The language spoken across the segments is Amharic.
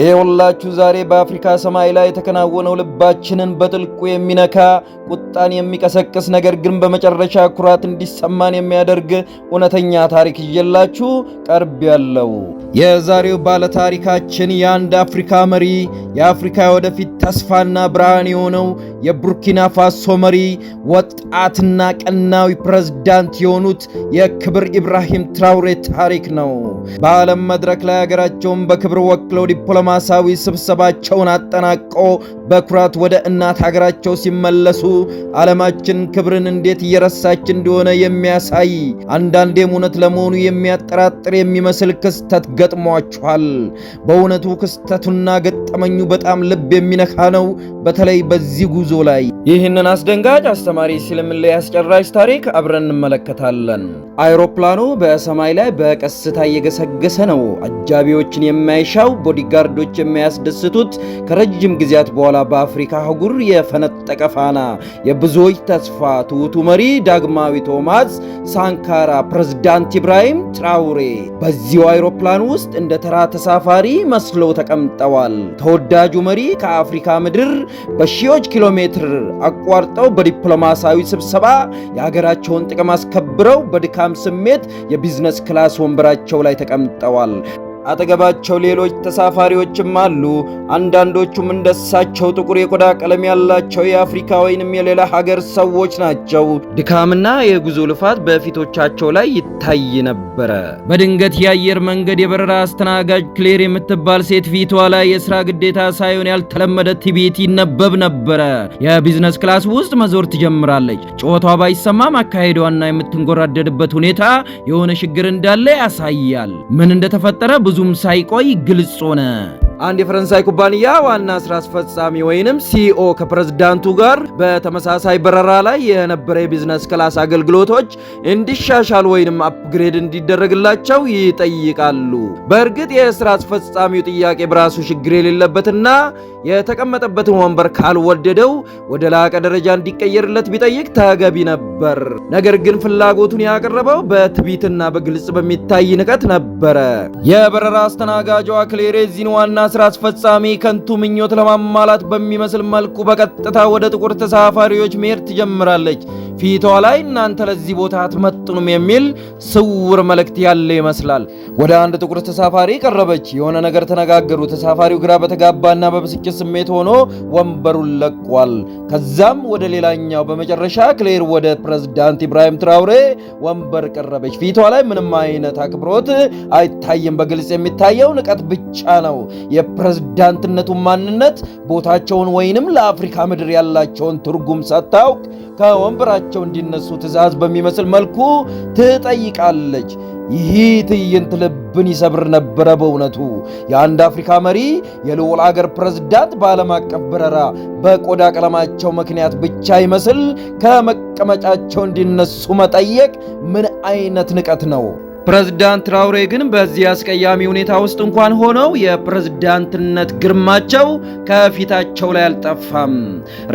ይኸውላችሁ ዛሬ በአፍሪካ ሰማይ ላይ የተከናወነው ልባችንን በጥልቁ የሚነካ ቁጣን የሚቀሰቅስ ነገር ግን በመጨረሻ ኩራት እንዲሰማን የሚያደርግ እውነተኛ ታሪክ እየላችሁ ቀርብ ያለው የዛሬው ባለታሪካችን የአንድ አፍሪካ መሪ የአፍሪካ ወደፊት ተስፋና ብርሃን የሆነው የቡርኪና ፋሶ መሪ ወጣትና ቀናዊ ፕሬዝዳንት የሆኑት የክብር ኢብራሂም ትራውሬ ታሪክ ነው። በዓለም መድረክ ላይ ሀገራቸውን በክብር ወክለው ዲፕሎማሲያዊ ስብሰባቸውን አጠናቆ በኩራት ወደ እናት ሀገራቸው ሲመለሱ ዓለማችን ክብርን እንዴት እየረሳች እንደሆነ የሚያሳይ አንዳንዴም እውነት ለመሆኑ የሚያጠራጥር የሚመስል ክስተት ገጥሟችኋል። በእውነቱ ክስተቱና ገጠመኙ በጣም ልብ የሚነካ ነው። በተለይ በዚህ ጉዞ ጉዞ ላይ ይህንን አስደንጋጭ አስተማሪ ሲልምል ያስጨራሽ ታሪክ አብረን እንመለከታለን። አይሮፕላኑ በሰማይ ላይ በቀስታ እየገሰገሰ ነው። አጃቢዎችን የማይሻው ቦዲጋርዶች የሚያስደስቱት ከረጅም ጊዜያት በኋላ በአፍሪካ አህጉር የፈነጠቀ ፋና የብዙዎች ተስፋ ትውቱ መሪ ዳግማዊ ቶማስ ሳንካራ ፕሬዝዳንት ኢብራሂም ትራውሬ በዚሁ አይሮፕላን ውስጥ እንደ ተራ ተሳፋሪ መስለው ተቀምጠዋል። ተወዳጁ መሪ ከአፍሪካ ምድር በሺዎች ኪሎ ሜትር አቋርጠው በዲፕሎማሲያዊ ስብሰባ የሀገራቸውን ጥቅም አስከብረው በድካም ስሜት የቢዝነስ ክላስ ወንበራቸው ላይ ተቀምጠዋል። አጠገባቸው ሌሎች ተሳፋሪዎችም አሉ። አንዳንዶቹም እንደሳቸው ጥቁር የቆዳ ቀለም ያላቸው የአፍሪካ ወይንም የሌላ ሀገር ሰዎች ናቸው። ድካምና የጉዞ ልፋት በፊቶቻቸው ላይ ይታይ ነበረ። በድንገት የአየር መንገድ የበረራ አስተናጋጅ ክሌር የምትባል ሴት ፊቷ ላይ የስራ ግዴታ ሳይሆን ያልተለመደ ትዕቢት ይነበብ ነበረ። የቢዝነስ ክላስ ውስጥ መዞር ትጀምራለች። ጨዋቷ ባይሰማም አካሄዷና የምትንጎራደድበት ሁኔታ የሆነ ችግር እንዳለ ያሳያል። ምን እንደተፈጠረ ብዙ ብዙም ሳይቆይ ግልጽ ሆነ። አንድ የፈረንሳይ ኩባንያ ዋና ስራ አስፈጻሚ ወይንም ሲኦ ከፕሬዝዳንቱ ጋር በተመሳሳይ በረራ ላይ የነበረ የቢዝነስ ክላስ አገልግሎቶች እንዲሻሻል ወይንም አፕግሬድ እንዲደረግላቸው ይጠይቃሉ። በእርግጥ የስራ አስፈጻሚው ጥያቄ በራሱ ችግር የሌለበትና የተቀመጠበትን ወንበር ካልወደደው ወደ ላቀ ደረጃ እንዲቀየርለት ቢጠይቅ ተገቢ ነበር። ነገር ግን ፍላጎቱን ያቀረበው በትቢትና በግልጽ በሚታይ ንቀት ነበረ። የበረራ አስተናጋጇ ክሌር ዋና ስራ አስፈጻሚ ከንቱ ምኞት ለማሟላት በሚመስል መልኩ በቀጥታ ወደ ጥቁር ተሳፋሪዎች መሄድ ትጀምራለች። ፊቷ ላይ እናንተ ለዚህ ቦታ አትመጥኑም የሚል ስውር መልእክት ያለ ይመስላል። ወደ አንድ ጥቁር ተሳፋሪ ቀረበች። የሆነ ነገር ተነጋገሩ። ተሳፋሪው ግራ በተጋባና በብስጭት ስሜት ሆኖ ወንበሩን ለቋል። ከዛም ወደ ሌላኛው በመጨረሻ ክሌር ወደ ፕሬዝዳንት ኢብራሂም ትራውሬ ወንበር ቀረበች። ፊቷ ላይ ምንም አይነት አክብሮት አይታይም። በግልጽ የሚታየው ንቀት ብቻ ነው። የፕሬዝዳንትነቱን ማንነት፣ ቦታቸውን ወይንም ለአፍሪካ ምድር ያላቸውን ትርጉም ሳታውቅ ከወንበራቸው እንዲነሱ ትእዛዝ በሚመስል መልኩ ትጠይቃለች። ይህ ትዕይንት ልብን ይሰብር ነበረ። በእውነቱ የአንድ አፍሪካ መሪ የልዑል አገር ፕሬዝዳንት በዓለም አቀፍ በረራ በቆዳ ቀለማቸው ምክንያት ብቻ ይመስል ከመቀመጫቸው እንዲነሱ መጠየቅ ምን አይነት ንቀት ነው? ፕሬዝዳንት ትራውሬ ግን በዚህ አስቀያሚ ሁኔታ ውስጥ እንኳን ሆነው የፕሬዝዳንትነት ግርማቸው ከፊታቸው ላይ አልጠፋም።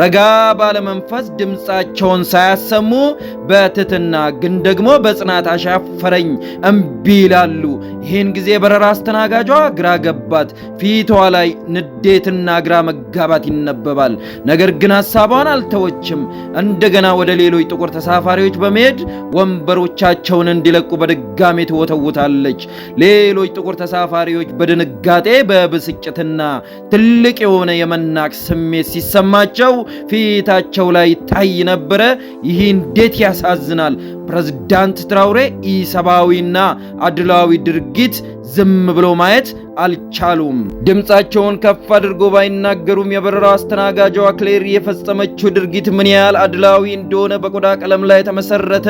ረጋ ባለመንፈስ ድምፃቸውን ሳያሰሙ በትትና ግን ደግሞ በጽናት አሻፈረኝ እምቢ ይላሉ። ይህን ጊዜ በረራ አስተናጋጇ ግራ ገባት። ፊቷ ላይ ንዴትና ግራ መጋባት ይነበባል። ነገር ግን ሐሳቧን አልተወችም። እንደገና ወደ ሌሎች ጥቁር ተሳፋሪዎች በመሄድ ወንበሮቻቸውን እንዲለቁ በድጋሜ ትወተውታለች። ሌሎች ጥቁር ተሳፋሪዎች በድንጋጤ በብስጭትና ትልቅ የሆነ የመናቅ ስሜት ሲሰማቸው ፊታቸው ላይ ታይ ነበረ። ይህ እንዴት ያሳዝናል! ፕሬዝዳንት ትራውሬ ኢሰብአዊና አድላዊ ድርጊት ዝም ብሎ ማየት አልቻሉም። ድምፃቸውን ከፍ አድርጎ ባይናገሩም የበረራ አስተናጋጇ ክሌር የፈጸመችው ድርጊት ምን ያህል አድላዊ እንደሆነ በቆዳ ቀለም ላይ የተመሰረተ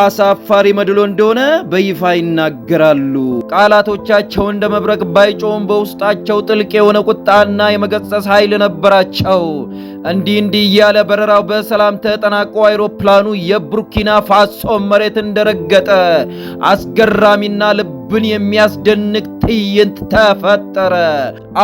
አሳፋሪ መድሎ እንደሆነ በይፋ ይናገራሉ። ቃላቶቻቸው እንደ መብረቅ ባይጮውም በውስጣቸው ጥልቅ የሆነ ቁጣና የመገጸስ ኃይል ነበራቸው። እንዲህ እንዲህ እያለ በረራው በሰላም ተጠናቆ አይሮፕላኑ የቡርኪና ፋሶ መሬት እንደረገጠ አስገራሚና ልብን የሚያስደንቅ ትዕይንት ተፈጠረ።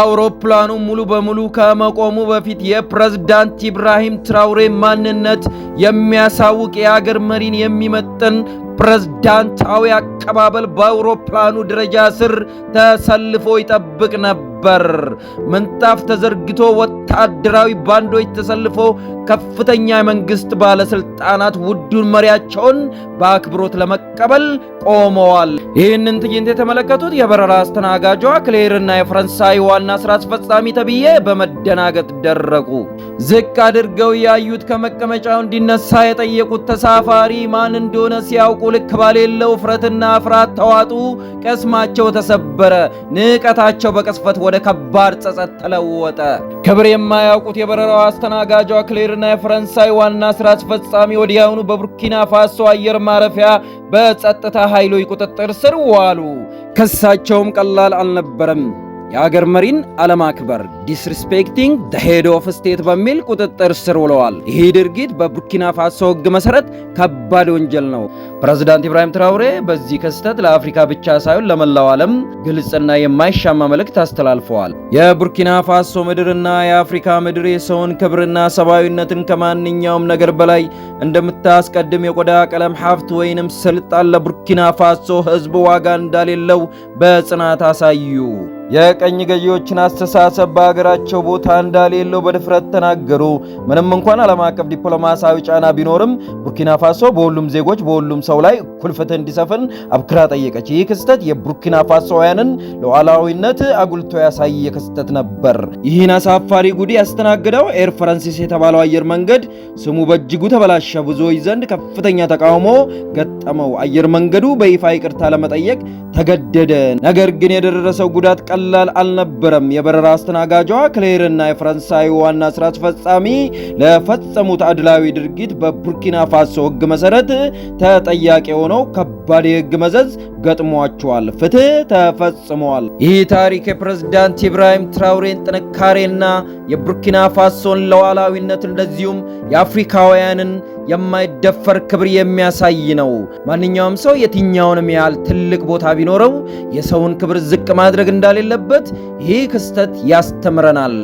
አውሮፕላኑ ሙሉ በሙሉ ከመቆሙ በፊት የፕሬዝዳንት ኢብራሂም ትራውሬ ማንነት የሚያሳውቅ የአገር መሪን የሚመጥን ፕሬዝዳንታዊ አቀባበል በአውሮፕላኑ ደረጃ ስር ተሰልፎ ይጠብቅ ነበር። ምንጣፍ ተዘርግቶ ወታደራዊ ባንዶች ተሰልፎ ከፍተኛ የመንግስት ባለስልጣናት ውዱን መሪያቸውን በአክብሮት ለመቀበል ቆመዋል። ይህንን ትዕይንት የተመለከቱት የበረራ አስተናጋጇ ክሌርና የፈረንሳይ ዋና ስራ አስፈጻሚ ተብዬ በመደናገጥ ደረቁ። ዝቅ አድርገው ያዩት ከመቀመጫው እንዲነሳ የጠየቁት ተሳፋሪ ማን እንደሆነ ሲያውቁ ልክ ባሌለው እፍረትና ፍርሃት ተዋጡ። ቀስማቸው ተሰበረ። ንቀታቸው በቅስፈት ወደ ከባድ ጸጸት ተለወጠ። ክብር የማያውቁት የበረራው አስተናጋጇ ክሌርና የፈረንሳይ ዋና ስራ አስፈጻሚ ወዲያውኑ በቡርኪና ፋሶ አየር ማረፊያ በጸጥታ ኃይሎች ቁጥጥር ስር ዋሉ። ክሳቸውም ቀላል አልነበረም። የአገር መሪን አለማክበር ዲስሪስፔክቲንግ ደ ሄድ ኦፍ ስቴት በሚል ቁጥጥር ስር ውለዋል። ይህ ድርጊት በቡርኪና ፋሶ ሕግ መሰረት ከባድ ወንጀል ነው። ፕሬዚዳንት ኢብራሂም ትራውሬ በዚህ ክስተት ለአፍሪካ ብቻ ሳይሆን ለመላው ዓለም ግልጽና የማይሻማ መልእክት አስተላልፈዋል። የቡርኪና ፋሶ ምድርና የአፍሪካ ምድር የሰውን ክብርና ሰብአዊነትን ከማንኛውም ነገር በላይ እንደምታስቀድም የቆዳ ቀለም ሀብት ወይንም ስልጣን ለቡርኪና ፋሶ ሕዝብ ዋጋ እንዳሌለው በጽናት አሳዩ። የቀኝ ገዢዎችን አስተሳሰብ በሀገራቸው ቦታ እንዳሌለው በድፍረት ተናገሩ። ምንም እንኳን ዓለም አቀፍ ዲፕሎማሲያዊ ጫና ቢኖርም ቡርኪና ፋሶ በሁሉም ዜጎች በሁሉም ሰው ላይ እኩል ፍትህ እንዲሰፍን አብክራ ጠየቀች። ይህ ክስተት የቡርኪና ፋሶውያንን ሉዓላዊነት አጉልቶ ያሳየ ክስተት ነበር። ይህን አሳፋሪ ጉዲ ያስተናገደው ኤር ፍራንሲስ የተባለው አየር መንገድ ስሙ በእጅጉ ተበላሸ። ብዙዎች ዘንድ ከፍተኛ ተቃውሞ ገጠመው። አየር መንገዱ በይፋ ይቅርታ ለመጠየቅ ተገደደ። ነገር ግን የደረሰው ጉዳት ቀላል አልነበረም። የበረራ አስተናጋጇ ክሌርና የፈረንሳዊ ዋና ስራ አስፈጻሚ ለፈጸሙት አድላዊ ድርጊት በቡርኪና ፋሶ ህግ መሰረት ተጠያቂ ሆነው ከባድ የህግ መዘዝ ገጥሟቸዋል። ፍትህ ተፈጽሟል። ይህ ታሪክ የፕሬዝዳንት ኢብራሂም ትራውሬን ጥንካሬና የቡርኪና ፋሶን ለዋላዊነት እንደዚሁም የአፍሪካውያንን የማይደፈር ክብር የሚያሳይ ነው። ማንኛውም ሰው የትኛውንም ያህል ትልቅ ቦታ ቢኖረው የሰውን ክብር ዝቅ ማድረግ እንደሌለበት ይህ ክስተት ያስተምረናል።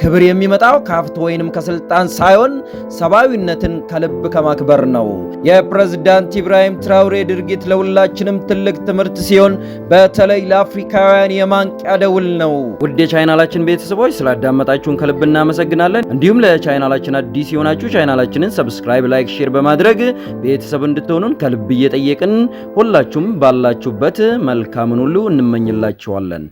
ክብር የሚመጣው ከሀብት ወይንም ከስልጣን ሳይሆን ሰብአዊነትን ከልብ ከማክበር ነው። የፕሬዝዳንት ኢብራሂም ትራውሬ ድርጊት ለሁላችንም ትልቅ ትምህርት ሲሆን በተለይ ለአፍሪካውያን የማንቂያ ደውል ነው። ውድ የቻይናላችን ቤተሰቦች ስላዳመጣችሁን ከልብ እናመሰግናለን። እንዲሁም ለቻይናላችን አዲስ የሆናችሁ ቻይናላችንን ሰብስክራይብ፣ ላይክ፣ ሼር በማድረግ ቤተሰብ እንድትሆኑን ከልብ እየጠየቅን ሁላችሁም ባላችሁበት መልካምን ሁሉ እንመኝላችኋለን።